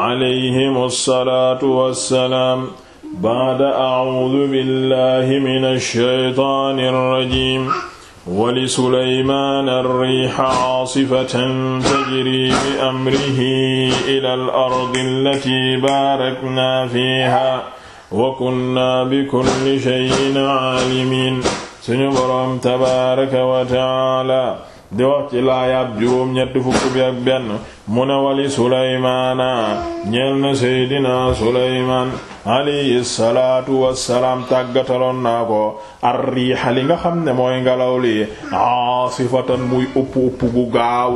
alayhimu salaatu wassalaam baada a'uudu billahi mina shaytaani rajiim wali sulaymaan arriixa aasifatan tajrii bi amrihi ilal ardi allatii baaraknaa fiihaa wa kunnaa bi kulli shay'in aalimiin suñu boroom tabaaraka wa ta'aala di wax ci laayaab juróom fukk bi benn mu ne wali Sulaymaana ñeel na Seydina Sulaymaan alayhi salaatu wassalaam tàggataloon naa ko arriixa li nga xam ne mooy ngelaw li aasifatan muy upp upp gu gaaw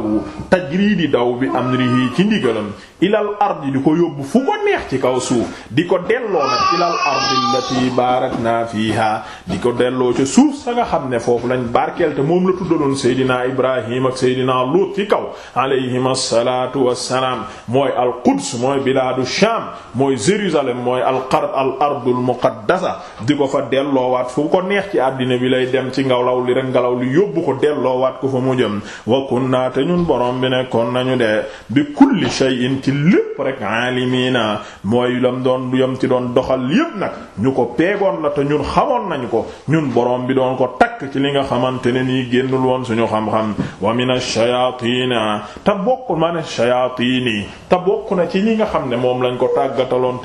tajri di daw bi amrihi ci ndigalam ilal ardi di ko yóbbu fu ko neex ci kaw suuf di ko delloo nag ilal ardi allati baarakna fiha di ko delloo ca suuf sa nga xam ne foofu lañ barkeel te moom la tuddaloon seydina ibrahim ak seydina lut ci kaw alayhim asalaatu wassalaam mooy al quds mooy bilaadu sham mooy jérusalem mooy alqard al ardul muqaddasa di ko fa delloowaat fu ko neex ci àddina bi lay dem ci ngalaw li rek ngalaw li yóbbu ko delloowaat ko fa mu jëm wa kunna te ñun borom bi nekkoon nañu de bi kulli shay'in ci lépp rek aalimiina mooy lam doon yam ci doon doxal yépp nag ñu ko peegoon la te ñun xamoon nañu ko ñun borom bi doon ko takk ci li nga xamante ne nii génnul woon suñu xam-xam wa mina shayaatiina te bokk ma ne shayaatiini te bokk na ci li nga xam ne moom lañ ko tàggataloon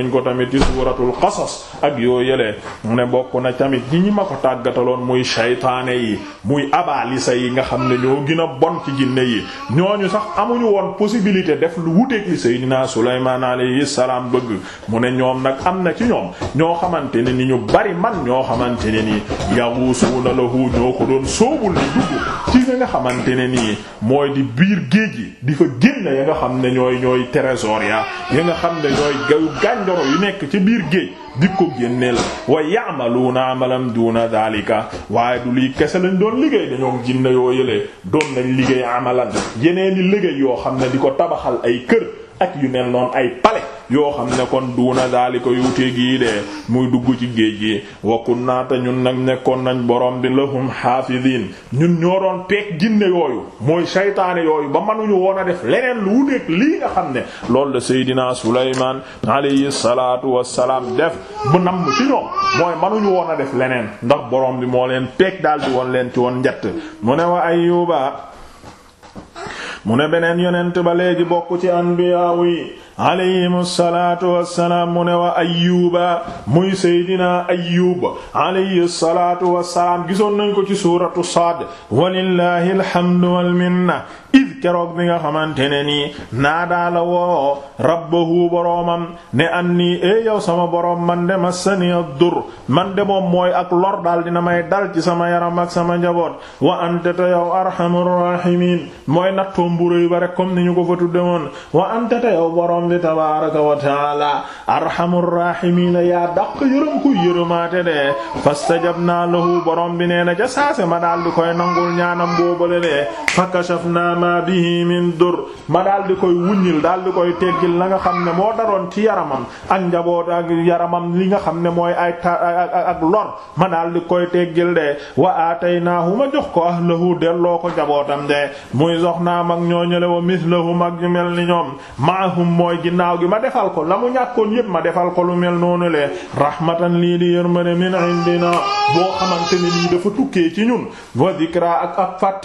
nañ ko tamit ci suuratul qasas ak yoo yëlee mu ne bokk na tamit ñi ñi ma ko tàggataloon muy saytaane yi muy abaalisa yi nga xam ne ñoo gën a bon ci jinne yi ñooñu sax amuñu woon possibilité def lu wuteek li Seydina Sulaymaan alayhi salaam bëgg mu ne ñoom nag am na ci ñoom ñoo xamante ne ni ñu bari man ñoo xamante ne ni yaghusuna lahu ñoo ko doon soobul di dugg ci ne nii mooy di biir géej gi di fa génne ya nga xam ne ñooy ñooy trésor ya ya nga xam ne ñooy gayu gànj xajaro yu nekk ci biir géej di ko génne la wa ya'maluna amalan duna daalika waaye du lii kese lañ doon liggéey dañoo jinne yoo yëlee doon nañ liggéey amalan yeneen di liggéey yoo xam ne di ko tabaxal ay kër ak yu mel noonu ay palais yoo xam ne kon duuna daalika yuute gii de muy dugg ci géej gi wakkun naata ñun nag nekkoon nañ borom bi lahum xaafiziin ñun ñoo doon peek ginne yooyu mooy saytaane yooyu ba manuñu woon a def leneen lu wuteeg lii nga xam ne loolu la Seydina Sulaymaan alayhi salaatu wassalaam def bu namm ci ñoom mooy mënuñu woon a def leneen ndax borom bi moo leen peeg daal di woon leen ci woon njett mu ne wa Ayyuba mu ne beneen yonent ba léegi bokk ci anbiyaaw yi alayhimu salaatu mu ne wa ayyuuba muy seydina ayyuub alayhi salaatu wassalaam gisoon nañ ko ci suuratu saad walillahi alhamdu wal minna id keroog bi nga xamante ne nii naadaa la woo rabbahu boroomam ne an nii e yow sama boroom man de massani ad-dur man de moom mooy ak lor daal dina may dal ci sama yaram ak sama njaboot wa anta te yow arhamur mooy nattoom bu rëy ba comme ni ñu ko fa tudde woon wa anta te yow boroom bi tabaaraka wa taala arhamur yaa daq yërëm ku yërëmaate de fastajabna lahu boroom bi nee na ca saase ma daal koy nangul ñaanam boobale de fakashafna ma bihi min dur ma daal di koy wuññil daal koy teggil la nga xam ne moo daroon ci yaramam ak njaboot ak yaramam li nga xam ne mooy ay ta ak lor ma daal di koy teggil de wa aataynaahu ma jox ko ahlahu delloo ko njabootam de muy soxnaam ak ñooñale wa mis ak mag mel ni ñoom maahum mooy ginnaaw gi ma defal ko la mu ñàkkoon yépp ma defal ko lu mel noonu le rahmatan lii di yërmande min indina boo xamante lii dafa tukkee ci ñun wa dikra ak ak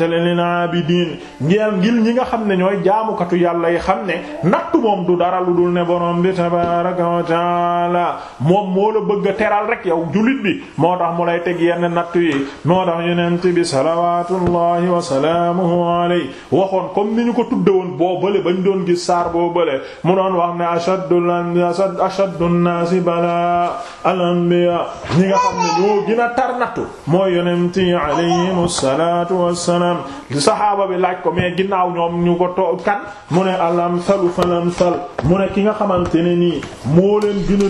ñeel ngir ñi nga xam ne ñooy jaamukatu yàlla yi xam ne nattu moom du dara lu ne borom bi tabaraka wa taala moom moo la bëgg a teral rek yow jullit bi moo tax mu lay teg yenn nattu yi moo tax yonent bi salawatullahi wa salaamuhu alayhi waxoon comme ni ñu ko tudde woon boo bële bañ doon gis saar boo bële mu doon wax ne ashaddu ashaddu nnaasi bala al anbiya ñi nga xam ne ñoo gën a tar nattu mooy yonent yi alayhimu salaatu wassalaam saxaaba ginnaaw ñoom ñu ko to kan mu ne al amsalu fal amsal mu ne ki nga xamante ne nii moo leen gën a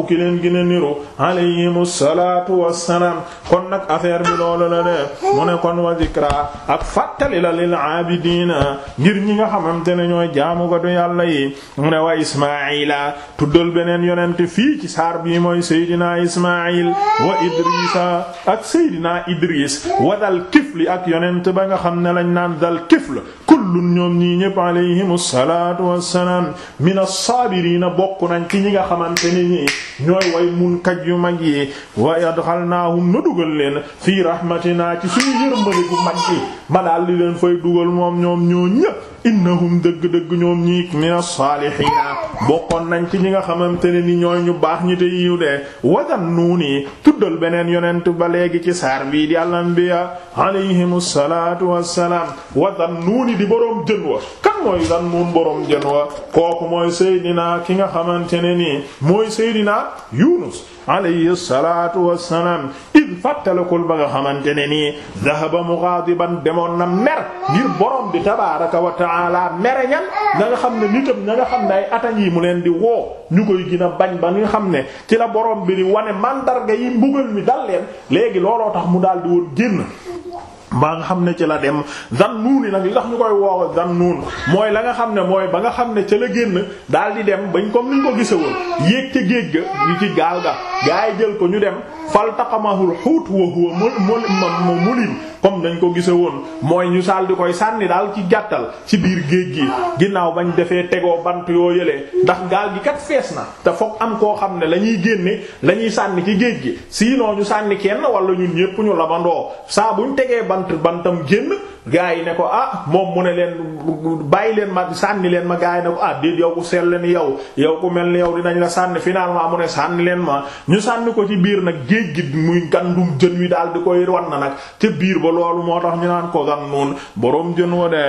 topp ki leen gën a niru alayhimu wassalaam kon nag affaire bi loolu la de mu ne kon wa zikra ak fàttali la lil aabidiina ngir ñi nga xamante ne ñooy jaamu ko du yàlla yi mu ne wa ismaila tuddal beneen yonent fii ci saar bii mooy seydinaa ismail wa idrisa ak seydinaa idris wa dal kifli ak yonent ba nga xam ne lañ naan dal kifl kullun ñoom ñii ñëpp alayhim salaatu wassalaam min as-saabiriina bokk nañ ci ñi nga xamante ne ñi ñooy way munkaj yu mag yi wa adxalnaahum na dugal leen fii rahmatinaa ci suñu yërmande ma daal di leen fay dugal moom ñoom ñoo ñëpp innahum dëgg-dëgg ñoom ñi min as-saalihiina bokkoon nañ ci ñi nga xamante ne ni ñooy ñu baax ñi te yiw de wajan nuuni tuddal beneen yonent ba léegi ci saar bii di al-anbiya alayhimu salaatu wassalaam wajan nuuni di boroom jën wa kan mooy dan nuun boroom jën wa kooku mooy seydinaa ki nga xamante ne nii mooy seydinaa yunus alayhi salaatu wassalaam fàttalikul ba nga xamante ne nii dahaba mughadiban demoon na mer ngir borom bi tabaaraka wa ta'ala mere ñan na nga xam ne nitam na nga xam ne ay attaques mu leen di woo ñu koy gën a bañ ba nga xam ne ci la borom bi di wane màndarga yi mbugal mi dal léegi looloo tax mu daal di woon génn. ba nga xam ne ci la dem zan nuun yi nag li tax ñu koy woowa zan nuun mooy la nga xam ne mooy ba nga xam ne ca la génn daal di dem bañ comme niñ ko gisewoon yéeg ca géej ga ñu ci gaal ga gaa jël ko ñu dem faltaqamahul huut wa huwa mulim comme dañ ko gise woon mooy ñu saal di koy sànni daal ci gàttal ci biir géej gi ginnaaw bañ defee tegoo bant yoo yëlee ndax gaal gi kat fees na te foog am koo xam ne la ñuy génne lañuy ñuy sànni ci géej gi sinon ñu sànni kenn wala ñun ñépp ñu labandoo saa buñ tegee bant bant bantam génn gaa yi ne ko ah moom mu ne leen bàyyi leen ma sànni leen ma gaa yi ne ko ah déet yow ku sell ni yow yow ku mel ni yow dinañ la sànni finalement mu ne sànni leen ma ñu sànni ko ci biir nag géej gi muy gandum jën wi daal di koy wan na nag te biir ba loolu moo tax ñu naan ko gan noonu boroom jën wa de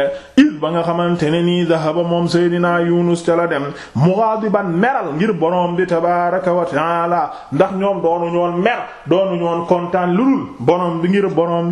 il ba nga xamante ne nii dahaba moom Seydina Yunus ca la dem mughadiban meral ngir boroom bi tabaaraka wa taala ndax ñoom doonu ñoon mer doonu ñoon kontaan lu dul boroom bi ngir boroom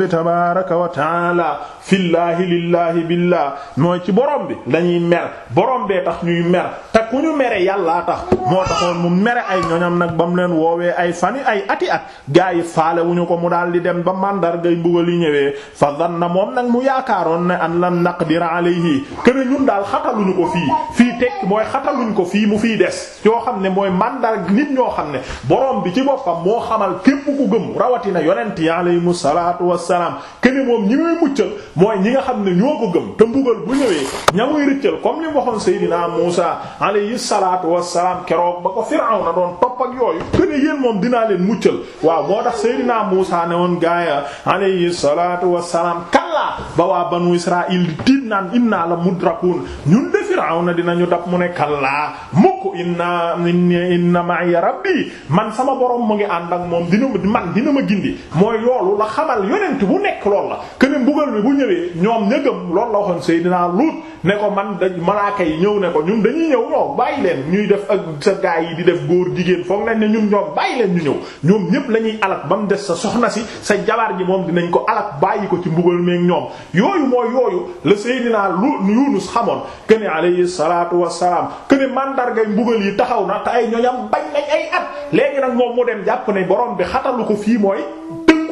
tabaraka wa taala fillaahi lillaahi billaahi mooy ci borom bi dañuy mer borom bee tax ñuy mer ku ñu mere yàllaa tax moo taxoon mu mere ay ñoñam nag ba leen woowee ay fani ay ati at gaa yi faale ko mu daal di dem ba mandargay mbugal yi ñëwee fa zanna moom nag mu yaakaaroon ne an lam naqdir alayhi kene ñun daal xataluñu ko fii fii tekk mooy xataluñ ko fii mu fiy des yoo xam ne mooy mandarg nit ñoo xam ne borom bi ci boppam moo xamal képp ku gëm rawatina yonent yi alayhimu salaatu wassalaam kene moom ñi muy muccal mooy ñi nga xam ne ñoo ko gëm te mbugal bu ñëwee ña muy rëccal comme li waxoon Seydina Muusa alayhi salaatu wassalaam keroog ba ko Firawna doon topp ak yooyu këne yéen moom dinaa leen muccal waaw moo tax Seydina Muusaa ne woon gaaya alayhi salaatu wassalaam kallaa ba waa banu Israaïl di tiit naan innaa la mudrakuun ñun de Firawna dinañu dab mu ne kallaa mukk inna inna ma'iya rabbi man sama borom mu ngi ànd ak moom dina man dina ma gindi mooy loolu la xamal yonent bu nekk loolu la këne mbugal bi bu ñëwee ñoom ñëgëm loolu la waxoon Seydina Luut ne ko man da malaaka yi ñëw ne ko ñun dañuy ñëw ñoo bàyyi leen ñuy def ak sa gaa yi di def góor jigéen foog nañ ne ñun ñoom bàyyi leen ñu ñëw ñoom ñépp lañuy ñuy alak ba mu des sa soxna si sa jabar ji moom dinañ ko alak bàyyi ko ci mbugal meeg ñoom yooyu mooy yooyu la Seydina naa Yunus xamoon kene alayhi salaatu wassalaam kene mandargay mbugal yi taxaw na te ay ñoñam bañ nañ ay at léegi nag moom mu dem jàpp ne borom bi xatalu ko fii mooy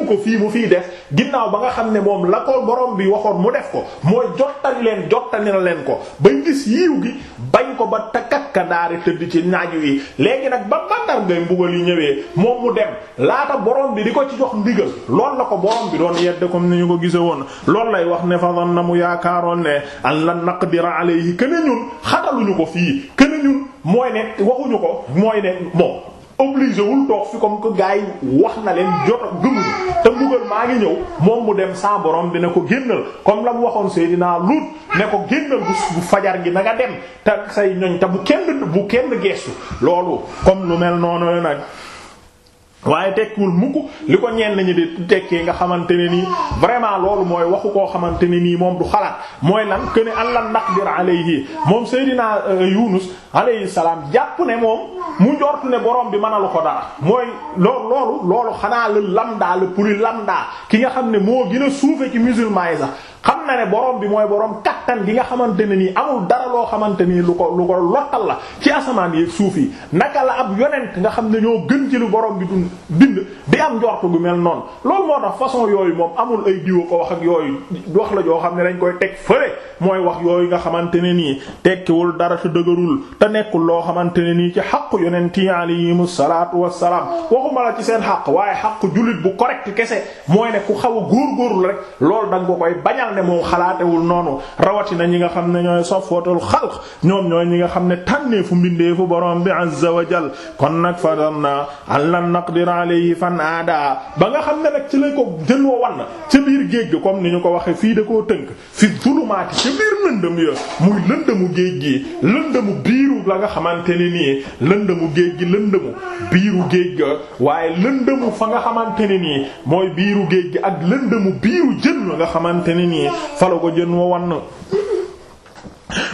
ko fii mu fii def ginnaaw ba nga xam ne moom la ko borom bi waxoon mu def ko mooy jottali leen jottali na leen ko bañ gis yiiw gi bañ ko ba takkat takakka daari tëdd ci naaju yi léegi nag ba mandar ngay mbugal yi ñëwee moom mu dem laata borom bi di ko ci jox ndigal lool la ko borom bi doon yedde comme ni ñu ko gise woon loolu lay wax ne fa na mu yaakaaroon ne an lan naqdira alayhi kene ñun xataluñu ko fii kene ñun mooy ne waxuñu ko mooy ne bon obligé wul toog fi comme que gars yi wax na leen jot a te mbugal maa ngi ñëw moom mu dem boroom di ne ko génnal comme la mu waxoon Seydina Lut ne ko génnal bu fajar gi na nga dem te say ñoñ te bu kenn bu kenn geestu loolu comme lu mel noonu la nag. waaye tekkiwul mukk li ko ñeen ñi di tekkee nga xamante ne nii vraiment loolu mooy waxu koo xamante ne nii moom du xalaat mooy lan que ne allah naqdir alayhi moom Seydina euh, Yunus alayhi salaam jàpp ne moom mu njort ne borom bi mënalu ko dara mooy loolu loolu xanaa la daal la pour lambda ki nga xam ne moo gën a suufe ci musulman yi sax xam na ne borom bi mooy borom kattan gi nga xamante ne nii amul dara loo xamante nii lu ko lu ko lottal la ci asamaan yeeg suuf yi naka la ab yonent nga xam ne ñoo gën ci lu borom bi du bind di am njortu gu mel noonu loolu moo tax façon yooyu moom amul ay diwa ko wax ak yooyu wax la joo xam ne dañ koy teg fële mooy wax yooyu nga xamante ne nii tekkiwul dara te dëgërul te nekkul loo xamante ne nii ci xaqu yonent yi alayhimu salaatu wassalaam waxuma la ci seen xaq waaye xaqu jullit bu correct kese mooy ne ku xaw a góorgóorlu rek loolu danga ko leer ne moom xalaatewul noonu rawatina ñi nga xam ne ñooy safwatul xalq ñoom ñooy ñi nga xam ne tànneefu mbindeefu borom bi azza wa kon nag fa dam na allan naqdir alayhi fan aada ba nga xam ne nag ci lay ko jëloo wann géej gi comme ni ñu ko waxee fii da koo tënk fi zulumaati ca biir lëndëm ya muy lëndëmu géej gi lëndëmu biiru la nga xamante ne nii lëndëmu géej gi lëndëmu biiru géej ga waaye lëndëmu fa nga xamante ne nii mooy biiru géej gi ak lëndëmu biiru jën la nga xamante ne nii fala ko jën wa wann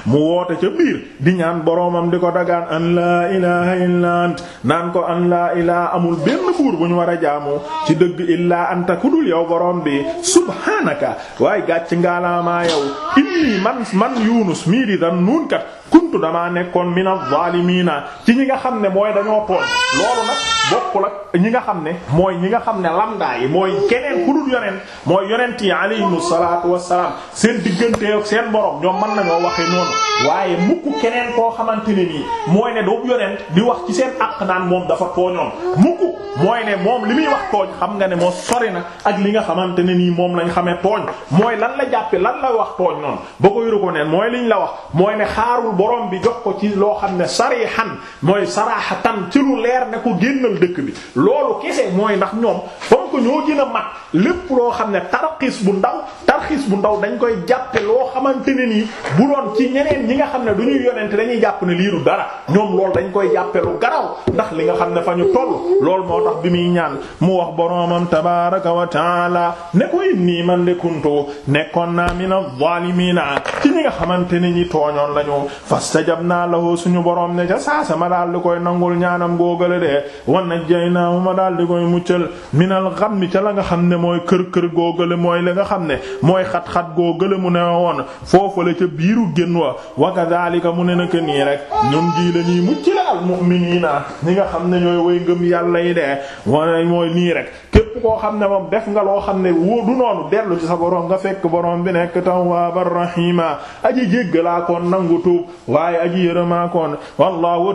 mu woote ca biir di ñaan boroomam di ko dagaan an laa ilaha illa ant naan ko an laa ilaha amul benn buur bu ñu war a jaamu ci dëgg illaa anta ku dul yow boroom bi subhaanaka waaye gàcc ngaalaamaa yow inni man man yunus mii di dan nuun kuntu damaa nekkoon mina zaalimiina ci ñi nga xam ne mooy dañoo tooñ loolu nag bokkul ñi nga xam ne mooy ñi nga xam ne lamdaa yi mooy keneen ku dul yonent mooy yonent yi alayhimu salaatu wassalaam seen diggante ak seen borom ñoom mën nañoo waxee noonu waaye mukk keneen koo xamante ne nii mooy ne doobu yonent di wax ci seen àq naan moom dafa tooñoon mukk mooy ne moom li muy wax tooñ xam nga ne moo sori na ak li nga xamante ne nii moom lañ xame tooñ mooy lan la jàppe lan la wax tooñ noonu ba ko yuru ko neen mooy liñ la wax mooy ne xaarul borom bi jox ko ci loo xam ne sarihan mooy sarahatan ci lu leer ne ko génnal dëkk bi loolu kese mooy ndax ñoom comme que ñoo gën a mat lépp loo xam ne tarxiis bu ndaw tarxiis bu ndaw dañ koy jàppe loo xamante ne nii bu doon ci ñeneen ñi nga xam ne du ñuy yonent dañuy jàpp ne lii du dara ñoom loolu dañ koy jàppe lu garaw ndax li nga xam ne fa ñu toll lool moo tax bi muy ñaan mu wax boroomam tabaaraka wa taala ne ko inni man de kuntu nekkoon naa mina zaalimiina ci ñi nga xamante ne ñi tooñoon lañu fastajabnaa lahu suñu boroom ne ca saasa ma daal di koy nangul ñaanam googale de najjaynaahuma daal di koy muccal minal ghammi ca la nga xam ne mooy kër kër góogale mooy la nga xam ne mooy xat-xat góogale mu ne woon foofale ca biiru génn wa wa kadhalika mu ne naka nii rek ñoom jii la ñuy mucc la al mu'miniina ñi nga xam ne ñooy way ngëm yàlla yi de wane mooy nii rek képp koo xam ne moom def nga loo xam ne woo du noonu dellu ci sa borom nga fekk boroom bi nekk tawwaabar rahiima aji jéggalaa koon nangu tuub waaye aji yërëmaa koon wallahu